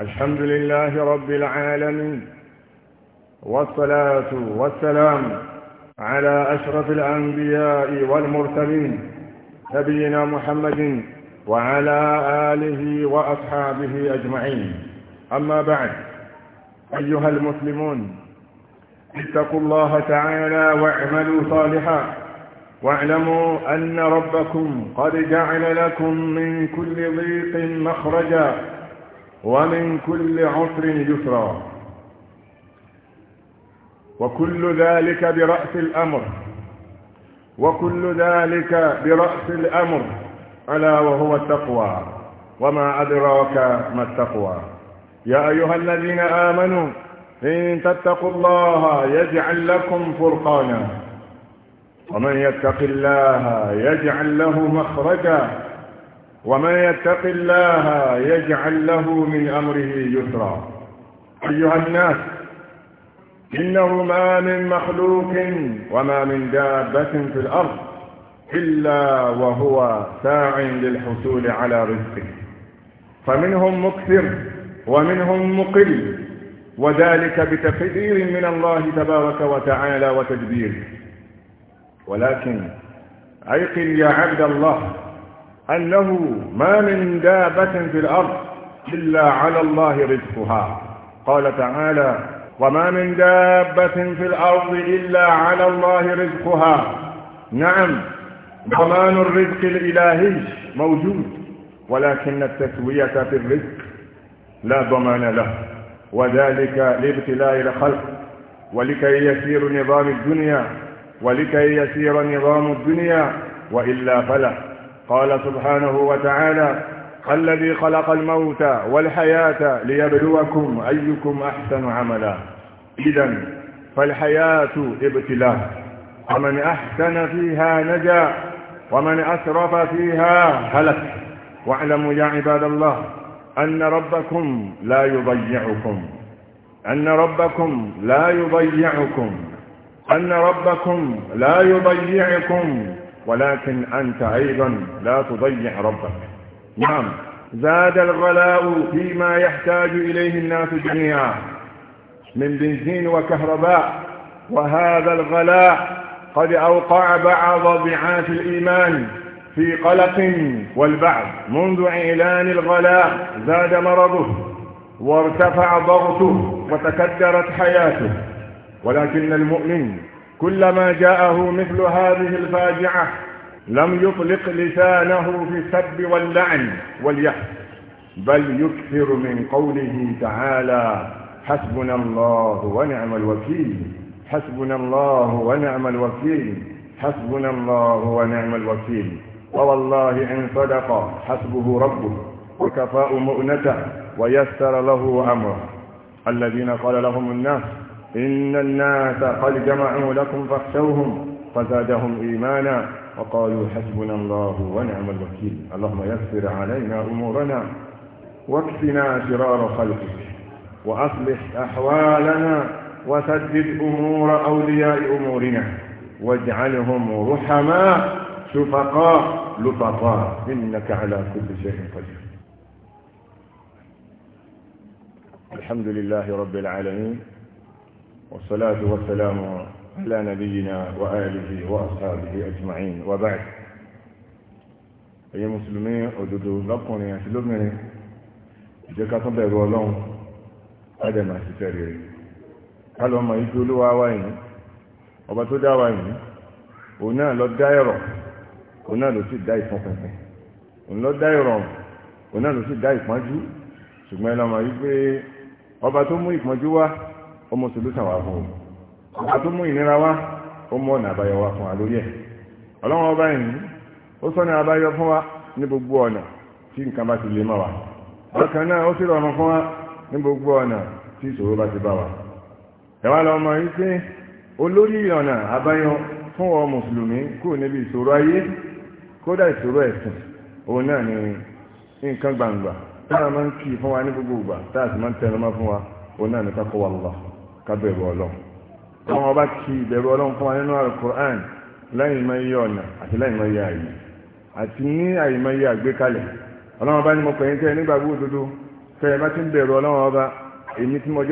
الحمد لله رب العالمين والصلاة والسلام على أشرف الأنبياء والمرسلين نبينا محمد وعلى آله وأصحابه أجمعين أما بعد أيها المسلمون اتقوا الله تعالى واعملوا صالحا واعلموا أن ربكم قد جعل لكم من كل ضيق مخرجا ومن كل عسر يسرا وكل ذلك برأس الأمر وكل ذلك برأس الأمر ألا وهو التقوى وما أدراك ما التقوى يا أيها الذين آمنوا إن تتقوا الله يجعل لكم فرقانا ومن يتق الله يجعل له مخرجا ومن يتق الله يجعل له من أمره يسرا أيها الناس إنه ما من مخلوق وما من دابة في الأرض إلا وهو ساع للحصول على رزقه فمنهم مكثر ومنهم مقل وذلك بتقدير من الله تبارك وتعالى وتدبيره ولكن أيقن يا عبد الله أنه ما من دابة في الأرض إلا على الله رزقها قال تعالى وما من دابة في الأرض إلا على الله رزقها نعم ضمان الرزق الإلهي موجود ولكن التسوية في الرزق لا ضمان له وذلك لابتلاء الخلق ولكي يسير نظام الدنيا ولكي يسير نظام الدنيا وإلا فلا قال سبحانه وتعالى الذي خلق الموت والحياة ليبلوكم أيكم أحسن عملا إذا فالحياة ابتلاء ومن أحسن فيها نجا ومن أسرف فيها هلك واعلموا يا عباد الله أن ربكم لا يضيعكم أن ربكم لا يضيعكم أن ربكم لا يضيعكم ولكن أنت أيضا لا تضيع ربك نعم زاد الغلاء فيما يحتاج إليه الناس جميعا من بنزين وكهرباء وهذا الغلاء قد أوقع بعض ضعاف الإيمان في قلق والبعض منذ إعلان الغلاء زاد مرضه وارتفع ضغطه وتكدرت حياته ولكن المؤمن كلما جاءه مثل هذه الفاجعة لم يطلق لسانه في السب واللعن واليأس بل يكثر من قوله تعالى حسبنا الله ونعم الوكيل حسبنا الله ونعم الوكيل حسبنا الله ونعم الوكيل فوالله إن صدق حسبه ربه وكفاء مؤنته ويسر له أمره الذين قال لهم الناس إن الناس قد جمعوا لكم فاخشوهم فزادهم إيمانا وقالوا حسبنا الله ونعم الوكيل اللهم يسر علينا أمورنا واكفنا شرار خلقك وأصلح أحوالنا وسدد أمور أولياء أمورنا واجعلهم رحماء شفقاء لطفاء إنك على كل شيء قدير الحمد لله رب العالمين والصلاة والسلام على نبينا وآله وأصحابه أجمعين وبعد أي مسلمين أدودوا لكم يا سلمني ìjẹ́ká tó bẹ̀rù ọlọ́run ádẹ́mà sí tẹ̀lé rẹ̀ kálọ̀ ọmọ yìí tó olúwa wá yìí ọba tó dá wa yìí òun náà lọ dá ẹ̀rọ òun náà ló sì dá ìfọ̀pẹ̀pẹ̀ òun lọ dá ẹ̀rọ òun náà ló sì dá ìpọ́njú ṣùgbọ́n ẹ lọ́mọ yìí pé ọba tó mú ìpọ́njú wá ọmọ solúsà wá fún un ọba tó mú ìnira wá ọ̀nà àbáyọ wá fún wa ẹ̀ ọba yìí ó àbáyọ fún wa ní gbogbo ọ̀nà tí nǹkan bá ti lè mọ́ wa ọkàn náà ó sì rọrùn fún wa ní gbogbo ọ̀nà tí ìṣòro bá ti bá wa ọ mùsùlùmí ni nǹkan gbangba táà máa ń fún wa ní gbogbo ìgbà táà sì máa ń tẹnumọ́ ka ọlọ́run ọlọ ọba kí ìbẹ̀rù ti ko ọlọ nínú alukur'an láyìn máa yẹ ọ̀nà àti ma máa yẹ àyè ati ní àyè máa yẹ àgbékalẹ̀ ọlọ́run ọba ni mo pẹ̀yìn tẹ́ nígbàgbọ́ òdodo tẹ́ ẹ bá ti ń bẹ̀rù ọba èmi tí mo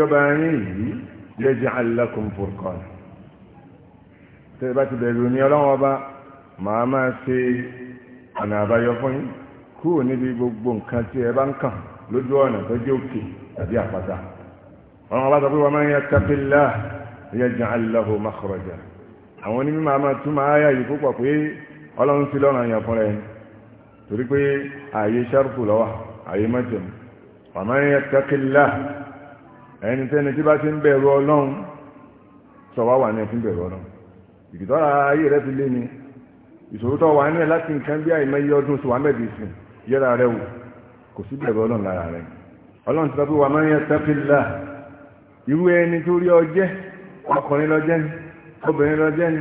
yaj'al lakum furqan gbogbo ọ̀rọ̀ bá sọ pé wa man yattaqillah yaj'al lahu makhraja àwọn onímọ̀ àmà túmọ̀ ayá yìí púpọ̀ pé ọlọ́run sí lọ́nà àyàn fúnra ẹni torí pé ààyè sharfu lọ́wà ààyè mọ́jẹ̀mú wa man yattaqillah ẹni tẹ́ni tí bá ti ń bẹ̀rù ọlọ́run sọ wá wà ní ẹ̀fín bẹ̀rù ọlọ́run ìgbìtọ́ra wà ní ẹ láti nǹkan bí àìmọye ọdún sí wàmẹ́ bí sùn rẹ wò kò sí bẹ̀rù ọlọ́run lára rẹ ọlọ́run ti sọ pé wa man irú ẹni tó rí ọjẹ́ ọkùnrin lọ́jẹ́ ni obìnrin lọ́jẹ́ ni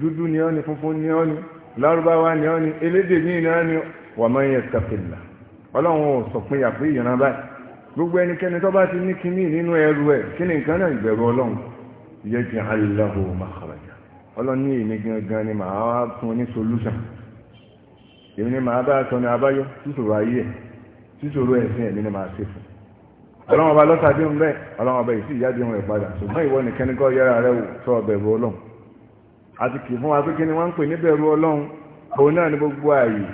dúdú ni ọ́ ni funfun ni ọ́ ni lárúbáwá ni ọ́ ni elédè ní ìná ni wà máa ń yẹ sàfìlà ọlọ́run ò sọ pé yàgbé ìran báyìí gbogbo ẹnikẹ́ni tó bá ti ní kíní nínú ẹrù ẹ̀ kí ni nǹkan náà ìbẹ̀rù ọlọ́run yẹ kí aláwo makhraja ọlọ́run ní gangan ni màá fún ní solúṣàn èmi ni màá bá sọ ní abáyọ sísòrò ayé ẹ̀ sísòrò ẹ̀sìn ẹ̀mí ni màá ṣe fún ọlọ́wọ́n bá lọ́ta dín bẹ́ẹ̀ ọlọ́wọ́n bá yìí sí ìyá dín rẹ̀ padà ṣùgbọ́n ìwọ nìkan ní kọ́ yára rẹ̀ wò sọ bẹ̀rù ọlọ́run àti kì fún wa pé kí ni wọ́n ń pè ní bẹ̀rù ọlọ́run òun náà ní gbogbo ààyè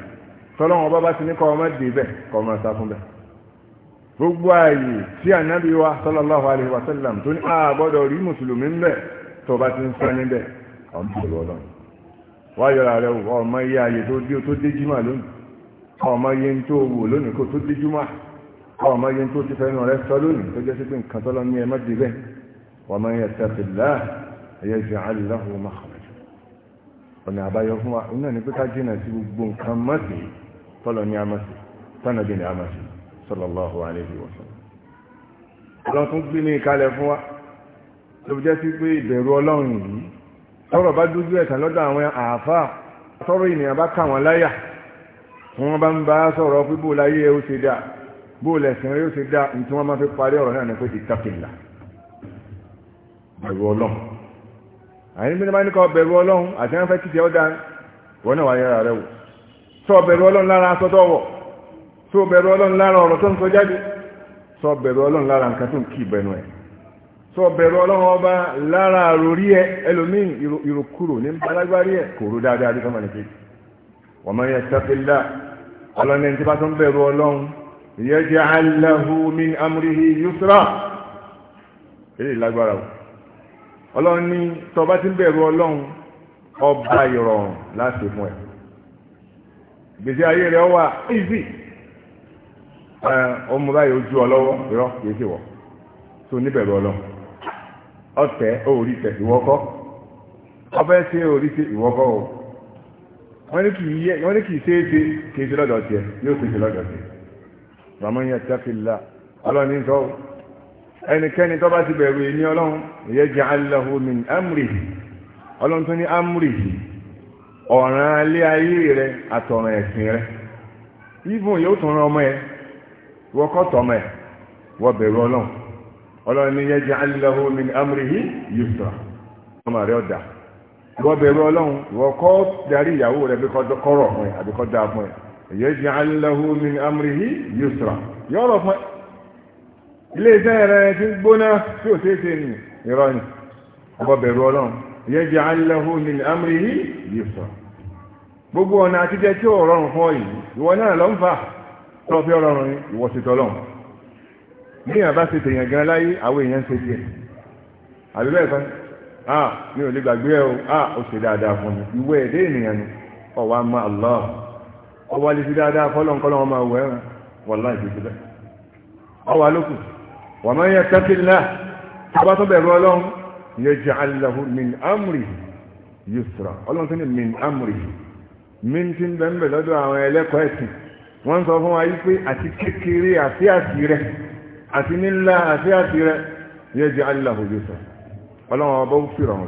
tọ́lọ́wọ́n bá bá ti ní kọ́ ọmọ dè bẹ́ẹ̀ kọ́ ọmọ sá fún bẹ́ẹ̀ gbogbo ààyè tí ànábì wa sallallahu alaihi wa sallam tó ní àgbọ́dọ̀ rí mùsùlùmí ń bẹ̀ tó bá ti ń sọ níbẹ̀ ọmọ bẹ̀rù ọlọ́run wá àwọn ọmọ yẹn tó ti fẹ́ nù rẹ sọ lónìí tó jẹ́ sí pé nǹkan tọ́lọ́ ní ẹmọ́ di bẹ́ẹ̀ wà máa yẹ sẹ́fì láà ẹ̀yẹ ṣe àlìláhùn ọmọ àkọ́jọ́ ọ̀nà àbáyọ fún wa náà ní pé jìnà sí gbogbo nǹkan mọ́sí tọ́lọ́ ní amọ́sí tọ́nà bí ní amọ́sí sallallahu alaihi wa sallam ọlọ́run tún gbé ní ìkalẹ̀ fún wa tó jẹ́ sí pé ìbẹ̀rù ọlọ́run yìí tọ́rọ̀ bá dójú bó lẹ̀sìn rí ó ti dá ní tí wọ́n máa fi parí ọ̀rọ̀ náà ní pé ìtàkìlà bẹ̀rù ọlọ́run àyìn bí wọ́n ní kọ́ bẹ̀rù ọlọ́run àti wọ́n fẹ́ títí ọ dá wọ́n náà wáyé ara rẹ̀ wò sọ bẹ̀rù ọlọ́run lára aṣọ tó wọ̀ sọ bẹ̀rù ọlọ́run lára ọ̀rọ̀ tó ń sọ jáde sọ bẹ̀rù ọlọ́run lára nǹkan tó ń kí ìbẹnu ẹ̀ sọ bẹ̀rù ọlọ́run ọba lára àròrí ẹ ẹlòmíì ìrokúrò ní balágbárí ẹ kò ró dáadáa bí sọ́mọ́ni pé wọ́n máa yẹ sẹ́fẹ́lá ọlọ́ni tí bá tó ń bẹ̀rù يجعل له من أمره يسرا èyí lágbára o ọlọ́run ní tọba tí ń bẹ̀rù ọlọ́run ọba ìrọ̀rùn láti fún ẹ gbèsè ayé rẹ wà easy ọmọ báyìí ojú ọlọ́wọ́ irọ́ kìí ṣe wọ̀ tó níbẹ̀rù ọlọ́run ọ̀tẹ̀ tẹ̀ ìwọ́kọ́ ọbẹ̀ ṣe tẹ̀ ìwọ́kọ́ o wọ́n ní kìí ṣe é ṣe kìí ṣe lọ́dọ̀ tiẹ̀ yóò ṣe ṣe lọ́dọ̀ tiẹ̀. bàmọ́ yẹn tẹ́fìlá ọlọ́ni sọ ẹnikẹ́ni tó bá ti bẹ̀rù èmi ọlọ́run yaj'al lahu min amrihi ọlọ́run tó ní amrihi ọ̀ràn alẹ́ ayé rẹ àtọ̀ràn ẹ̀sìn rẹ ìbùn yóò tún ran ọmọ ẹ wọ́kọ́ tọmọ ẹ wọ́n bẹ̀rù ọlọ́run ọlọ́run ní yaj'al lahu min amrihi yusra ọmọ rẹ ọ̀dà wọ́n bẹ̀rù ọlọ́run wọ́kọ́ darí ìyàwó rẹ bí kọ́ kọ́rọ̀ fún ẹ àbí kọ́ dáa fún yaj'al lahu min amrihi yusra yọ́rọ̀ fún ilé iṣẹ́ rẹ̀ ti gbóná tí ò ṣe ṣe ní ìrọ̀ ni ọba bẹ̀rù ọlọ́run yaj'al lahu min amrihi yusra gbogbo ọ̀nà àtijẹ́ tí ò rọrùn fún yìí ìwọ náà lọ ń fà tọ́fẹ́ ọlọ́run ni ìwọ sì tọ́lọ́run bí èèyàn bá tèèyàn gan láyé àwọn èèyàn ń ṣe tiẹ̀ àbí bẹ́ẹ̀ kan ah mi ò lè gbàgbé ẹ o ah ó ṣe dáadáa fún mi ìwé ẹ̀dẹ́ ènìyàn ni ọ̀wá máa lọ́ọ̀ ọwọ́ lè fi dáadáa fọ́lọ̀nkọ́lọ̀ ọmọ àwọ̀ ẹ̀rùn wọ̀lá ìgbésí bẹ́ẹ̀ ọwọ́ alókù wà máa yẹ tẹ́kìlá tàbá tó bẹ̀rù ọlọ́run yẹ jẹ́ aláhù min amri yusra ọlọ́run tó ní min amri min ti ń bẹ̀m̀bẹ̀ lọ́dọ̀ àwọn ẹlẹ́kọ̀ọ́ ẹ̀sìn wọ́n sọ fún wa yí pé àti kékeré àti àti rẹ̀ àti nílá àti àti rẹ̀ yẹ jẹ́ aláhù yusra ọlọ́run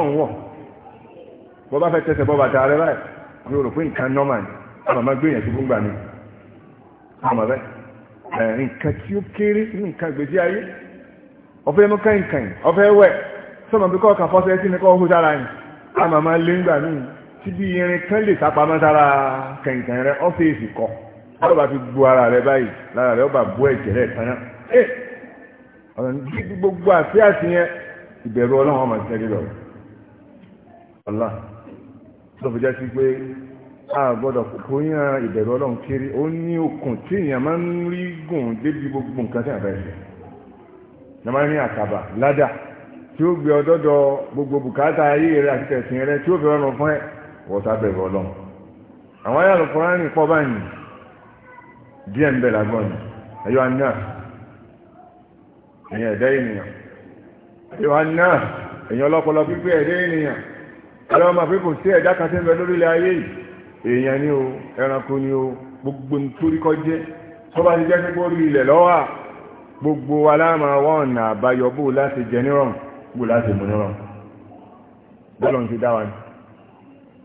ọba bọ́ bá fẹ́ tẹsẹ̀ bọ́ bàtà rẹ báyìí mi ò rò pé nǹkan nọ́mà ni àwọn gbé yẹn fún gbà mí àmà bẹ nǹkan tí ó kéré nǹkan gbèsè ayé ọ̀fẹ́ mú bí sí ni hó sára lé ńgbà tí bí irin kan lè sára rẹ kọ bá fi gbu ara rẹ báyìí lára rẹ ó bá ẹ̀jẹ̀ rẹ ní gbogbo àti àti yẹn ìbẹ̀rù ọlọ́run ọmọ tó sí a gbọ́dọ̀ kó yàn ìbẹ̀rù ọlọ́run kiri ó ní okùn tí èèyàn máa ń rí gùn débi gbogbo nǹkan tí àbẹ̀ ṣe ní ní àkàbà ládà tí ó gbé ọdọ́dọ̀ gbogbo bùkátà ayé rẹ àti tẹ̀sìn rẹ tí ó fi rọrùn fún ẹ ni aná ẹ̀yìn ẹ̀dá ènìyàn aná ẹ̀yìn ọlọ́pọlọ ẹ̀dá ènìyàn ẹ̀rọ máa fi kò sí ẹ̀dá kan tí ń bẹ lórílẹ̀ ayé yìí èèyàn ni o ẹranko ni o gbogbo nítorí kọ́ jẹ́ tó bá ti jẹ́ pé kó rí ilẹ̀ lọ́wọ́ gbogbo aláàmà wọn ọ̀nà àbáyọ bó láti jẹ nírọ̀rùn bó láti mú nírọ̀rùn bọ́ọ̀lù ń ti dá wa ni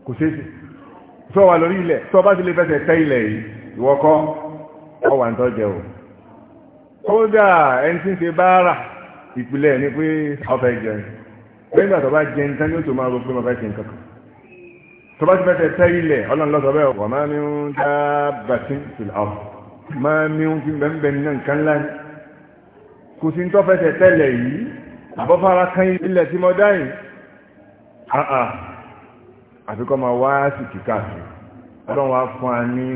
kò ṣeé ṣe tó wà lórí ilẹ̀ tó bá ti lè fẹsẹ̀ tẹ́ ilẹ̀ yìí ìwọ kọ́ ọ wà ń tọ́jẹ o kódà ẹni tí ń ṣe bá rà ìpìlẹ̀ ni pé ọ̀fẹ́ jẹun lẹ́yìn àtọ́ bá jẹun tán yóò tó máa rògbé máa fẹ́ ṣe nǹkan kan tó bá ti fẹ́ tẹ́ ilẹ̀ ọlọ́run lọ́sọ̀ bẹ́ẹ̀ wà máa ní ń dá bàtí ìlà ọ̀ máa ní ń fi bẹ́ẹ̀ ní nǹkan ńlá ni kò sí tó fẹ́ tẹ́ tẹ́lẹ̀ yìí àbọ́fara kan ilẹ̀ tí mo dá yìí àà àfikọ́ máa wá sí kíkà sí ọlọ́run wá fún wa ní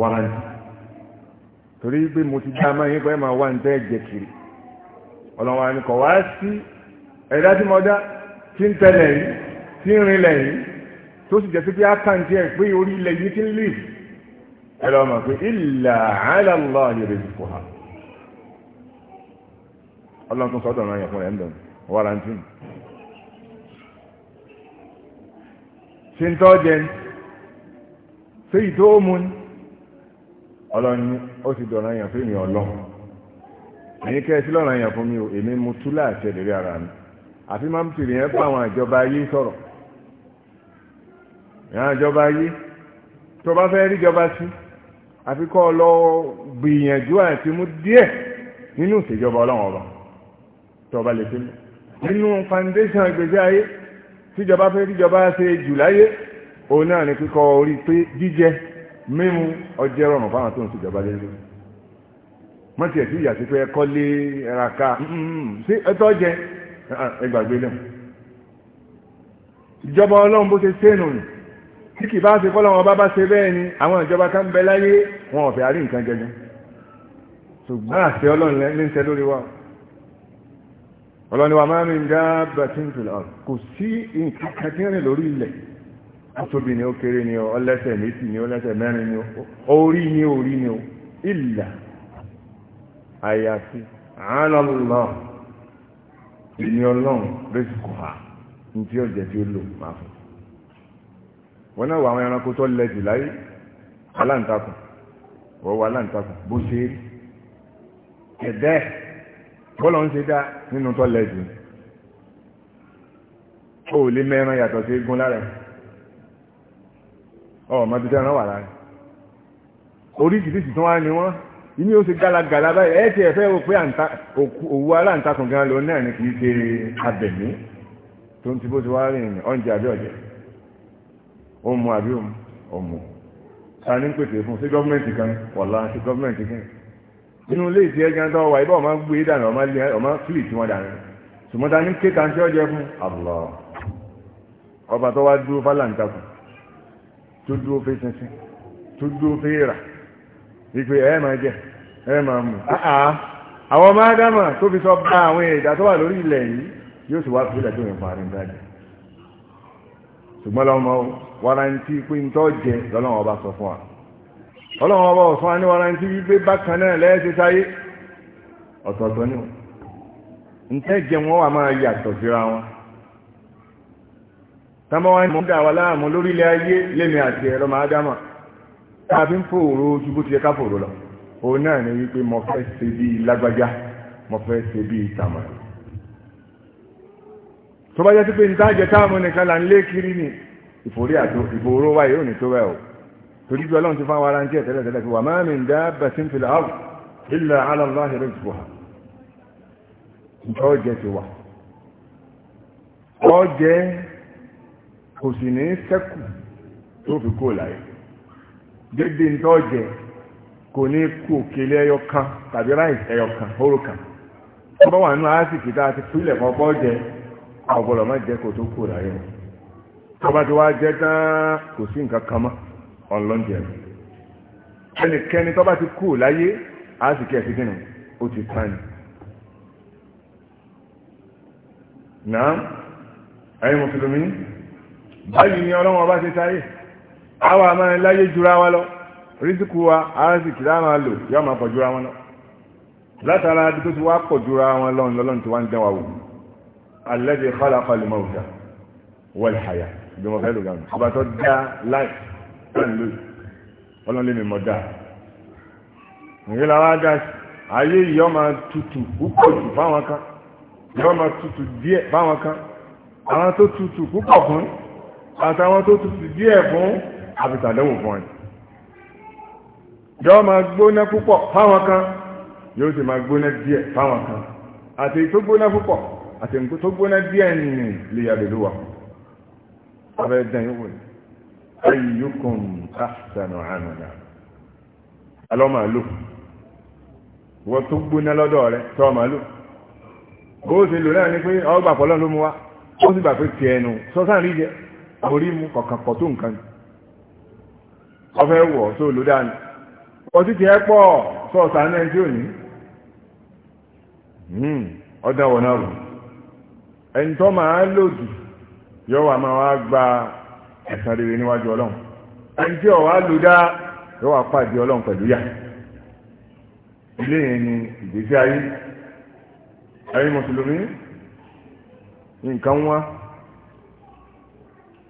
wàrántì torí pé mo ti dá máa yín pé máa wá ń tẹ́ jẹ kiri ọlọ́run wá ní kọ̀ wá sí ẹ̀dá tí mo dá tí ń tẹ̀lẹ̀ yìí tí ń rinlẹ̀ yìí tó sì jẹ́ sí pé á tàn pé yìí ti ń lè ẹ lọ pé illa ala Allah rizquha ọlọ́run ha sọ́dọ̀ náà yẹ fún ẹ̀ ń dùn wọ́rantín ṣe ń tọ́jẹ ṣe ìtó mú ní ọlọ́run ó sì dọ̀rọ̀ yẹn fún èmi ọlọ́run ẹ̀yin kẹ́ ẹ sí lọ́rọ̀ fún mi o èmi mu tú láàṣẹ lérí àfi máa ń pèrè yẹn bá àwọn àjọba ayé sọ̀rọ̀ ìyá àjọba ayé tó bá fẹ́ ríjọba sí àfi kọ́ lọ gbìyànjú àti mú díẹ̀ nínú ìṣèjọba ọlọ́run ọba tó bá lè fi nínú foundation ìgbésí ayé tíjọba fẹ́ ríjọba ṣe jù láyé òun náà ni kíkọ́ orí pé jíjẹ mímu ọjẹ́ rọrùn fáwọn tó ń ṣèjọba lé mọ́tì ẹ̀ sí ìyàsí pé ẹ̀kọ́ lé ẹ̀ràká ṣé ẹ̀tọ́ jẹ Ah, ẹgbàgbé lẹ́wọ̀n ìjọba ọlọ́run bó ṣe sẹ́nu ni tí kì bá ṣe fọ́lọ́wọ́n bá bá ṣe bẹ́ẹ̀ ni àwọn ìjọba ká ń bẹ láyé wọn ò fẹ́ àrí nǹkan jẹjẹ ṣùgbọ́n àṣẹ ọlọ́run ní ń ṣe lórí wa ọlọ́ni wa máa ń dá bàtíntìlá kò sí nǹkan kan tí ń lórí ilẹ̀ atóbi ni ó kéré ni ó ọlẹ́sẹ̀ méjì ni ó mẹ́rin ni ó orí ni orí ni ó ìlà àyàfi àánàlọ́ èmi ọlọ́run rẹ́sì kò hà ní tí ọ̀jẹ̀ tí ó lò máa fún wọn náà wà àwọn ẹranko tó lẹ jù láyé aláǹtakùn wọ́n wà aláǹtakùn bó ṣe rí ẹ̀dẹ́ bọ́lọ̀ ń ṣe dá nínú tó lẹ jù ó lè mẹ́ran yàtọ̀ sí egun lára ọ̀ mọ́tò tẹ́ran wà lára oríṣiríṣi tí wọ́n á ní wọ́n ìní o ṣe gálagàlá báyìí ẹ̀ tí ẹ fẹ́ o pé òwú aláǹtakùn gan lọ náà ni kì í ṣe abẹ̀mí tó ń ti bó ti wá rìn oúnjẹ àbí ọ̀jẹ̀ ọmọ àbí ọmọ ta ní pèsè fún sí gọ́ọ̀mẹ̀ntì kan wọ̀lá sí gọ́ọ̀mẹ̀ntì kan inú ilé ìtì ẹgbẹ́ tó wà ibà ọmọ gbé dànù ọmọ fìlì tí wọ́n dànù ṣùgbọ́n ta ní kéka ń ṣe ọjẹ́ fún àbùlọ ọba tó wá dúró fálàǹtakùn tó dúró fẹ́ sẹ́sẹ́ tó dúró fẹ́ rà Igwe, ẹ máa jẹ ẹ máa mú ah, ah. àwọn ọmọ tó fi sọ bá àwọn ẹ̀dà tó wà lórí ilẹ̀ yìí yóò sì wá fún dájẹ́ ṣùgbọ́n lọ́mọ warranty pé ń tọ́ ọba sọ fún wa ọlọ́wọ́ ọba wípé bákan náà sáyé ọ̀tọ̀ọ̀tọ̀ ni wọn jẹ wọn wà máa síra wọn dà tàbí ń fòòró ojú bó ti yẹ ká fòòró lọ òun náà ni wípé mo fẹ́ ṣe bí lágbájá mo fẹ́ ṣe bí tàmàlà tó bá jẹ́ sí pé ìtajẹ táàmù nìkan là ń lé kiri ni ìfòrí àti ìfòòró wa yóò ní tó bẹ́ẹ̀ o torí bí ọlọ́run ti fáwọn ara ń jẹ́ tẹ́lẹ̀ tẹ́lẹ̀ fi wà máa mi ń dá bẹ̀sìn fìlà áwù ilẹ̀ aláàláhì rẹ̀ jù wà ǹjọ́ jẹ́ ti wà ọ jẹ́ kò sì ní sẹ́kù tó fi kó láyé dédé ń tọ́jẹ̀ kò ní kú òkèlè ẹyọ kan tàbí ráìsì ẹyọ kan hóró kan tó bá wà nínú àásìkì tá a ti fílẹ̀ kan bọ́ jẹ ọ̀gbọ̀lọ̀ má jẹ́ kó tó kú rà yẹn tó bá ti wá jẹ́ tán kò sí nǹkan kan mọ́ ọ̀nlọ́njẹ rẹ̀ ẹnikẹ́ni tó bá ti kú láyé àásìkì ẹ̀sìn kìnnìún ó ti tán ni. náà ẹ̀yin mùsùlùmí báyìí ni ọlọ́wọ́n bá ti sáyé àwa máa láyé jura wa lọ rísíkù wa àásìkì láàmà lò yóò máa pọ̀ jura wọn lọ látara bí tó ti wá pọ̀ jura wọn lọ lọ́lọ́n tí wá ń dánwà wò alladhi khalaqa al-mawta wal-haya bí wọ́n fẹ́ lò gan ọba tó dá láì pẹ̀lú lóyún ọlọ́run lè mi mọ̀ dáa nìyí la wá dá sí ayé yìí yọ́ máa tutù púpọ̀ jù fáwọn kan yọ́ máa tutù díẹ̀ fáwọn kan àwọn tó tutù púpọ̀ fún àtàwọn tó tutù díẹ̀ fún àfisàdánwò fún ẹ yóò máa gbóná púpọ̀ fáwọn kan yóò sì máa gbóná díẹ̀ fáwọn kan àti tó gbóná púpọ̀ àti nǹkó tó gbóná díẹ̀ nìyẹn lè yàrá lówà abẹ́ dán yóò wò ní ayyukum ahsanu amala alọ́ máa lò wọ́n tó gbóná lọ́dọ̀ rẹ tọ́ máa lò bó ṣe lò náà ni pé ọgbà pọ̀lọ́ ló mú wa ó sì gbà pé tiẹ̀ nù sọ́sàn rí jẹ àbórí mu kọ̀ọ̀kan pọ̀ tó nǹkan yìí ọfẹ́ wọ̀ tó ló dání ọtí ti ẹ́ sọ sọ̀ọ̀sà tí ò ní hmm, ọdá wọ̀ náà rò ẹni tó máa yọ wà máa wá gba ẹ̀san rere níwájú ọlọ́run ẹni tí ọ̀wá dá yọ wà pàdé ọlọ́run pẹ̀lú ilé yẹn ni ìgbésí ayé mùsùlùmí nǹkan wá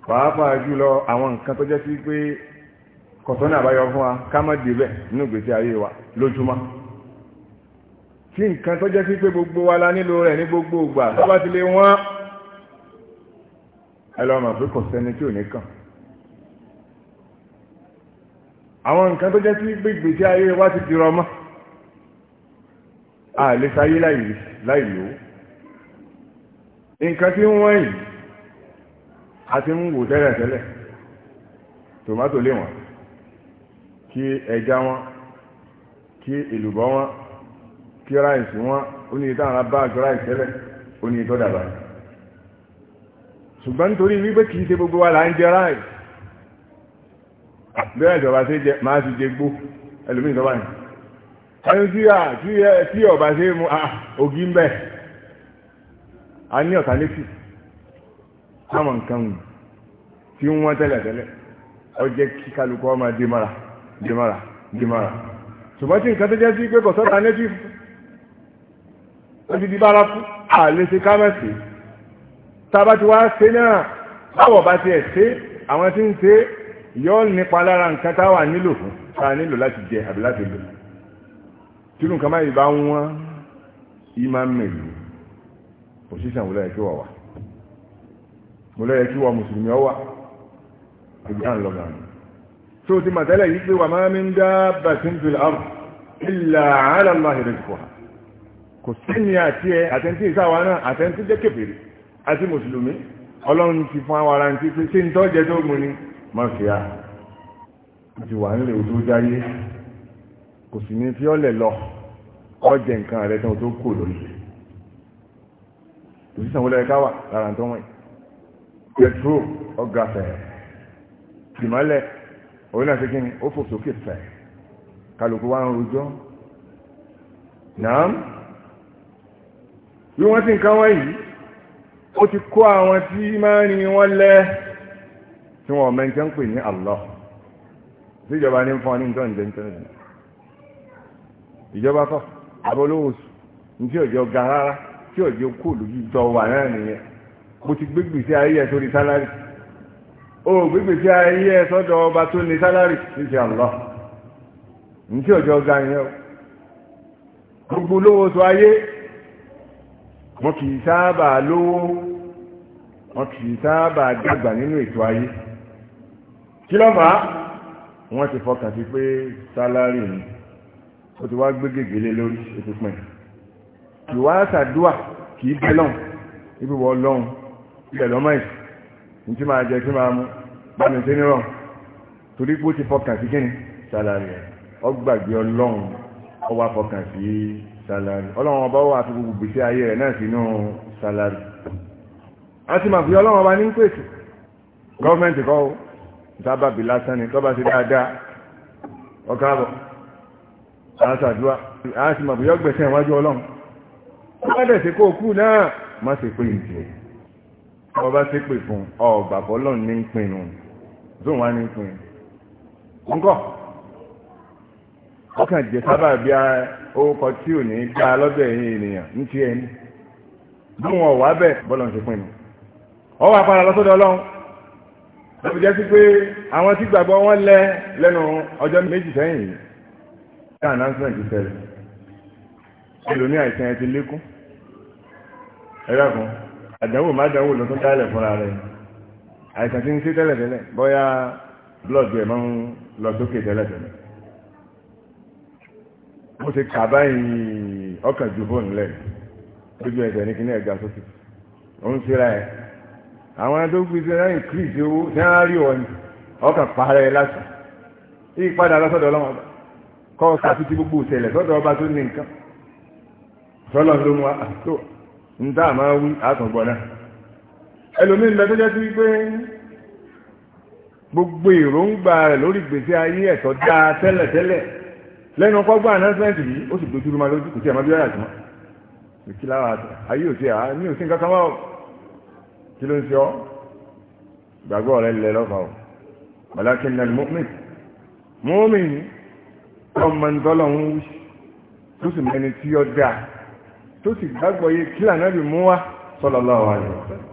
pàápàá jùlọ àwọn nǹkan tó sí pé kọ̀tọ́nà àbáyọ fún wa ká má débẹ̀ nínú gbèsè ayé wa lójúmọ́ tí nǹkan tó jẹ́ sí pé gbogbo wa la nílò rẹ̀ ní gbogbo ìgbà tó bá ti lè wọ́n ẹ lọ mọ̀ pé kò sẹ́ni tí ò ní kàn àwọn nǹkan tó jẹ́ sí pé gbèsè ayé wa ti dìrọ̀ mọ́ a lè sáyé láì lò nǹkan tí wọ́n yìí a ti ń wò tẹ́lẹ̀tẹ́lẹ̀ tòmátò lé wọn kí ẹja wọn kí èlùbọ́ wọn kí ráìsì wọn ó ní ìtàn àbá àjọ ráìsì tẹ́lẹ̀ ó ní ìtọ́ dàbà ṣùgbọ́n nítorí wípé kì í ṣe gbogbo wa là ń jẹ ráìsì bẹ́ẹ̀ ìjọba ṣe jẹ máa ti jẹ gbó ẹlòmíì ìjọba yìí ẹni tí a tí ọba ṣe mu ògì ń bẹ a ní ọ̀tá létí táwọn nǹkan wù tí wọ́n tẹ́lẹ̀ tẹ́lẹ̀ ó jẹ́ kí kálukú ọmọ dé mọ́ra Gimara, gimara. ṣùgbọ́n tí nǹkan tó jẹ́ sí pé kò sọ́ta nẹ́tífù láti di bára fún àlèṣe kámẹ́sì tába ti wá ṣe náà báwọ̀ bá ti ẹ̀ ṣe àwọn tí ń ṣe yọ́ nípa lára nǹkan táwà nílò fún táà nílò láti jẹ àbí láti lò tí nǹkan máa ìbá wọn ìmá mẹ́lú òṣìṣàn wọlé ẹ̀kí wà wà wọlé ẹ̀kí wà mùsùlùmí ọwà ìgbà ńlọgàmù tó ti màtẹ́lẹ̀ yìí pé wà máa mi ń dá bàtín fil ard illa ala Allahi rizquha kò sí ní àti ẹ àtẹ́ntí ìsáwà náà àtẹ́ntí jẹ́ kèfèrè àti mùsùlùmí ọlọ́run ti fún àwọn ara ti pé ṣé ń tọ́jẹ́ tó mú ni máa fi ti wà nílé òtó jáyé kò sì ní fi ọ́lẹ̀ lọ ọjẹ́ nǹkan rẹ̀ tán tó kò lórí rẹ̀ òṣìṣẹ́ wọlé ẹ̀ká wà lára tó wọ̀nyí pẹ̀tró ọgá fẹ̀rẹ̀ òun náà ṣe kí ni ó fò sókè fẹ̀ kálukú wá ń rojọ́ náà bí wọ́n ti ń kán wọ́n yìí ó ti kó àwọn tí máa ń rin wọ́n lẹ́ tí wọ́n mẹ́ńtẹ́ ń pè ní Allah síjọba ní fún ọ ní nǹkan ìdẹ́ntẹ́ ìjọba kọ́ abọ́lówó sùn tí òjò ga rárá tí òjò kò lójú jọ wà náà nìyẹn mo ti o gbígbè tí ayé ẹ sọ́dọ̀ ọba tó ní sálárì ní ti àlọ́ ní tí ọjọ́ ga yẹn o gbogbo lówó tó ayé wọn kì í sábà lówó wọn kì í sábà dàgbà nínú ètò ayé kí ló fà á wọ́n ti fọkàn sí pé sálárì ni ó ti wá gbé gègélé lórí ètò pin ìwà àtàdúà kì í bẹ́ lọ́hùn ibi wọ́ lọ́hùn ilẹ̀ lọ́mọ ìsìn ní tí máa jẹ tí máa mú bá mi sí nírọ̀ torí pé ó ti fọkàn sí kíni sálárì ẹ̀ ọgbàgbé ọlọ́run ọwà fọkàn sí sálárì ọlọ́run ọba wà fi gbogbo gbèsè ayé rẹ̀ náà sínú sálárì a ti máa fi ọlọ́run ọba ní pèsè gọ́ọ̀mẹ̀ntì kọ́ ó sábàbí lásán ni tọ́ba sí dáadáa ọkàbọ̀ aṣàdúrà a ti máa fi ọgbẹ̀sẹ̀ wájú ọlọ́run ó bá dẹ̀ sí kó kú náà má ṣe pé ìjẹ́ wọ́n bá ṣe pè fún ọ bàbá ọlọ́run ní pinnu zóun wá ní pinnu ń kọ́ ọkàn jẹ sábà bí orúkọ tí ò ní gbá lọ́dọ̀ ẹ̀yìn ènìyàn ní ti ẹni bí wọn wà bẹ́ẹ̀ bọ́lọ̀ ń ṣe pinnu ọ wà padà lọ́sọ́dọ̀ ọlọ́run lọ́bi jẹ́ sí pé àwọn tí gbàgbọ́ wọn lẹ lẹ́nu ọjọ́ méjì sẹ́yìn yìí ní announcement ṣẹlẹ̀ ẹlòmíà ìsẹ̀yìn ti lékún ẹ̀rọ kan àdánwò má dánwò ló tún dálẹ̀ fúnra rẹ̀ àìsàn tí ń sí tẹ́lẹ̀tẹ́lẹ̀ bóyá blọọdù ẹ̀ máa ń lọ sókè tẹ́lẹ̀tẹ́lẹ̀ ó ti kà báyìí ọkàn ju fóònù lẹ̀ lójú ẹsẹ̀ ní kíní ẹ̀ga sókè ó ń síra ẹ̀ àwọn tó gbé sí náà ìkírìsì owó tí wọ́n rí wọn ọkàn parẹ́ láti ìpadà lọ́sọ̀dọ̀ ọlọ́wọ́n ọba kọ́ ọ̀sà títí gbogbo ìṣẹ̀lẹ̀ sọ́dọ̀ ọba tó ní nǹkan sọ́lọ́ ń tá àmá wí àtúngbọ̀n náà ẹlòmí ń bẹ tó jẹ́ sí pé gbogbo èròǹgbà rẹ̀ lórí gbèsè ayé ẹ̀tọ́ dáa tẹ́lẹ̀tẹ́lẹ̀ lẹ́nu kọ́gbà anásẹ́ǹtì yìí ó sì dojú ma lójú kò sí àmọ́ bí ọ̀yà jùmọ́ ìkí lára ayé òsì àá ní òsì nǹkan kan wá o kí ló ń ṣe ọ́ gbàgbọ́ rẹ̀ lẹ lọ́fà o bàlákì ní alimọ́mìn mọ́mìn ọmọ ń tọ́lọ̀ ń wú tó sì tí ó dáa tó sì gbàgbọ́ yé kí ànábì mú wá sallallahu alaihi wasallam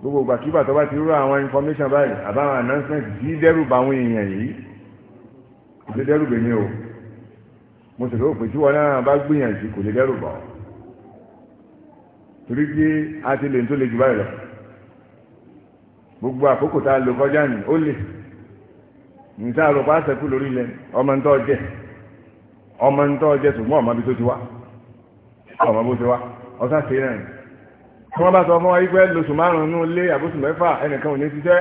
gbogbo gbàkígbà tó bá ti rú àwọn information báyìí àbáwọn announcement yìí dẹ́rù bá àwọn èèyàn yìí kò lè dẹ́rù bèmí o mo sì rò pé tí wọn náà bá gbìyànjú kò lè dẹ́rù bá ọ torí pé a ti lè tó lè jù báyìí lọ gbogbo àkókò tá a lò kọjá ní ó lè nìta àròpá sẹ́kù lórí ilẹ̀ ọmọ ń jẹ ọmọ ń jẹ ṣùgbọ́n ọmọ bí tó ti wá ọmọ bó ti wá ọ̀sá sí náà tí wọ́n bá sọ fún wa yí pé lóṣù márùn-ún lé àbóṣù mẹ́fà ẹnìkan ò ní ṣiṣẹ́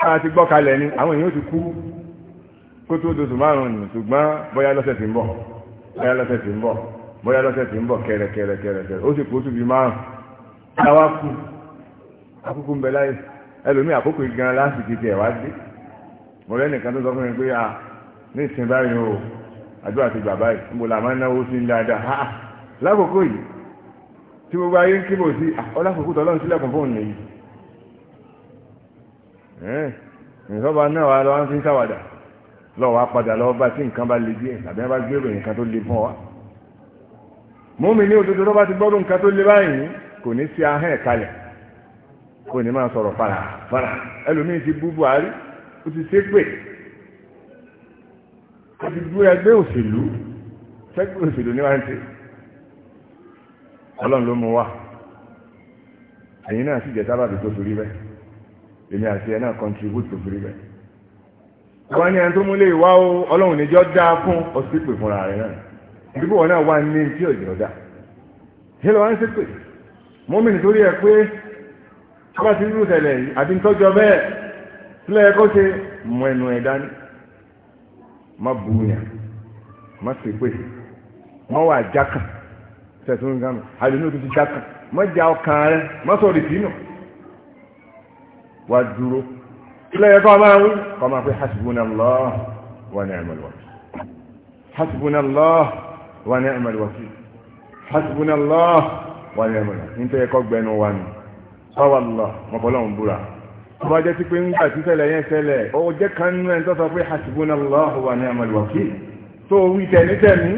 káà ti gbọ́ kalẹ̀ ni àwọn èèyàn ti kú kó tó lóṣù márùn-ún nù ṣùgbọ́n bóyá lọ́sẹ̀ tí ń bọ̀ bóyá lọ́sẹ̀ tí ń bọ̀ bóyá lọ́sẹ̀ tí ń bọ̀ kẹrẹkẹrẹkẹrẹ ó sì kó tó bí márùn-ún táwa kú akókò ń bẹ láyé ẹlòmíì àkókò gan lásìkò tiẹ̀ wá dé mo rẹ́ nìkan tó sọ fún lákòókò yìí tí gbogbo ayé ń kíbò sí ọlákòókò ah, tó ọlọ́run sílẹ̀kùn fóun nìyí nǹkan bá náà wà lọ́wọ́ fi ń sáwàdà lọ́wọ́ apàdà lọ́wọ́ bá tí nǹkan bá le díẹ̀ tàbí wọ́n bá gbèrò nǹkan tó le fún wa múmi ní òdodo tó bá ti gbọ́dọ̀ nǹkan tó le báyìí kò ní sí ahọ́n ẹ̀ kalẹ̀ kò ní máa sọ̀rọ̀ fara fara ẹlòmíín ti bú Buhari ó ti ṣépè ó ti bú ẹgbẹ́ òṣèlú ṣẹ́gbẹ́ òṣèlú ní wáńtì ọlọ́run ló mú wá ẹ̀yin náà sì jẹ́ sábàbí tó torí bẹ́ẹ̀ èmi àti ẹ̀ náà contribute tó torí bẹ́ẹ̀ wọ́n ní ẹni tó o ọlọ́run níjọ́ dá fún ọ̀sípè fúnra rẹ̀ náà ìdíbò wọn náà wà ní tí òjò dá ṣé lọ́wọ́ ń sípè mọ́mìnì torí ẹ̀ pé ọba ti rú tẹ̀lẹ̀ tọ́jọ́ bẹ́ẹ̀ sílẹ̀ ṣe mọ ẹnu ẹ̀ dání má má má wà jákàn tẹ̀sùn gánà àdínú tó ti dákàn mọ́jà ọkàn rẹ mọ́sọ̀rọ̀ ìdínà wà dúró ilé ẹ̀kọ́ máa wí kọ́ máa pé hasbunallah wa ni'mal wakil hasbunallah wa ni'mal wakil hasbunallah wa ni'mal wakil nítorí ẹ̀kọ́ gbẹnu wa nù sọ́wọ́lọ́ mọ̀bọ́lọ́hún búra tó bá jẹ́ sí pé ńgbà tí ṣẹlẹ̀ yẹn ṣẹlẹ̀ ó jẹ́ kan nínú ẹni tó sọ pé hasbunallah wa ni'mal wakil tó wí tẹ̀ ní tẹ̀ mí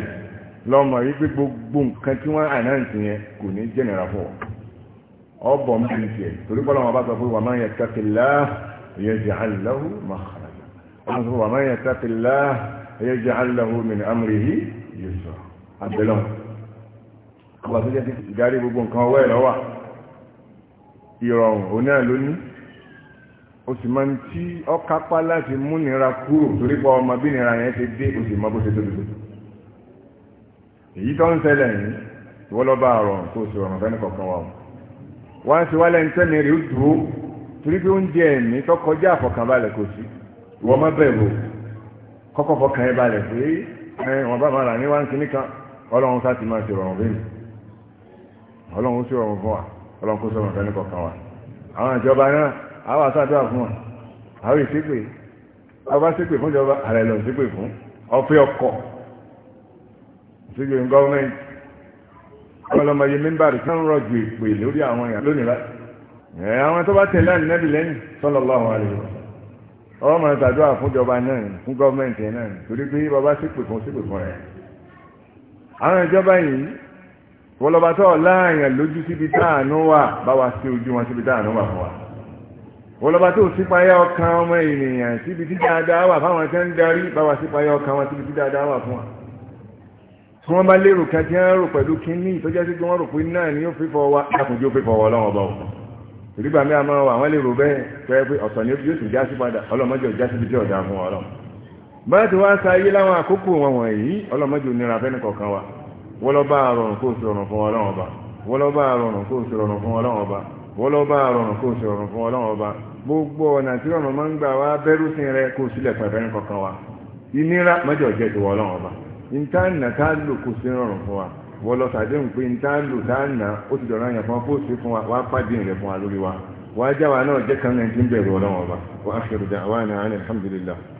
lọ́mọ yìí pé gbogbo nǹkan tí wọ́n ànáǹtì yẹn kò ní jẹ́nìyàrá fún ọ ọ̀bọ̀ ń bí tiẹ̀ torí pé ọlọ́mọ bá sọ pé wàmá yẹn tẹ́tìlá yaj'al lahu makhraja ọmọ sọ wàmá yẹn sì máa ń tí ọ láti múnira kúrò torí ọmọ bí yẹn ti dé ó sì máa bó ṣe tóbi tóbi èyí tó ń ṣẹlẹ̀ yìí wọ́n lọ bá ọ̀rọ̀ tó ṣe ọ̀rọ̀ fẹ́ni kọ̀ọ̀kan wa wọ́n á ṣe wálẹ̀ ń tẹ́mi rí dúró torí pé oúnjẹ ẹ̀mí tó kọjá àfọkànbalẹ̀ kò sí wọ́n má bẹ̀rù kọ́kọ́ fọkàn ẹ̀ balẹ̀ pé ẹ wọ́n bá máa rà ní wáńkì níkan ọlọ́run sá ti máa ṣe ọ̀rọ̀ fún ọlọ́run ṣe ọ̀rọ̀ fún wa ọlọ́run kó sọ̀rọ̀ fẹ́ni kọ̀ọ̀kan wa àwọn ìjọba náà àwọn àṣàdúrà fún wa àwọn ìṣépè ọba ṣépè fún ìjọba àrẹ lọ ṣépè fún ọfẹ ọkọ síbi gọ́ọ̀mẹ́ntì ọlọ́mọye mímbàrì tí wọ́n rọ̀jù ìpè lórí àwọn èèyàn lónìí báyìí ẹ̀ àwọn tó bá tẹ̀lé ànínábì lẹ́yìn sallallahu alaihi ọwọ́ máa tàdúrà fúnjọba náà fún gọ́ọ̀mẹ́ntì náà torí pé bàbá sípè fún sípè fún rẹ̀ àwọn ìjọba yìí wọlọba tó láàyàn lójú síbi táànú wà bá wa sí ojú wọn síbi táànú wà fún wa wọlọba tó sípayá ọkàn ọmọ ènìyàn síbi tí dáadáa wà fáwọn tẹ́ ń darí bá wa sípayá ọkàn wọn síbi tí dáadáa wà fún wa tí wọ́n bá lérò kan tí wọ́n rò pẹ̀lú kínní ìtọ́jẹ́ sí pé rò pé náà ni ó fi fọ wa lákùnjú ó fi fọ wa ọlọ́wọ́ bá wọn ìdígbà àmọ́ àwọn lérò bẹ́ẹ̀ pé ọ̀sán ni yóò sì já sí padà ọlọ́mọdé ọjà síbi tí ọ̀dà fún ọlọ́ bá ti wá sa ayé láwọn àkókò wọn wọ̀nyí ọlọ́mọdé onira fẹ́ni kọ̀ọ̀kan wa wọ́lọ́bá rọrùn kó sọ̀rọ̀ fún ọlọ́wọ́ bá wọ́lọ́bá rọrùn kó sọ̀rọ̀ fún ọlọ́wọ́ bá wọ́lọ́bá rọrùn kó sọ̀rọ̀ fún ọlọ́wọ́ bá gbogbo ọ̀nà tí ọ̀nà máa ń gbà wá bẹ́rù sí rẹ kó sílẹ̀ pẹ̀fẹ́ni kọ̀ọ̀kan wa ìnira mọ́jọ̀ jẹ́ ti wọ́ ọlọ́wọ́ bá ìntánà tá a lò kò sí rọrùn fún wa wọ́n lọ sàdéhùn pé ìntánà lò tá a nà ó ti dọ̀rọ̀ àyàn fún wa kó o sì fún wa wá pàdé rẹ̀ fún wa lórí wa wàá jáwa náà jẹ́ kan náà ti ń bẹ̀rù ọlọ́wọ́n ọba wàá fi rúdà wàá nà án alhamdulillah.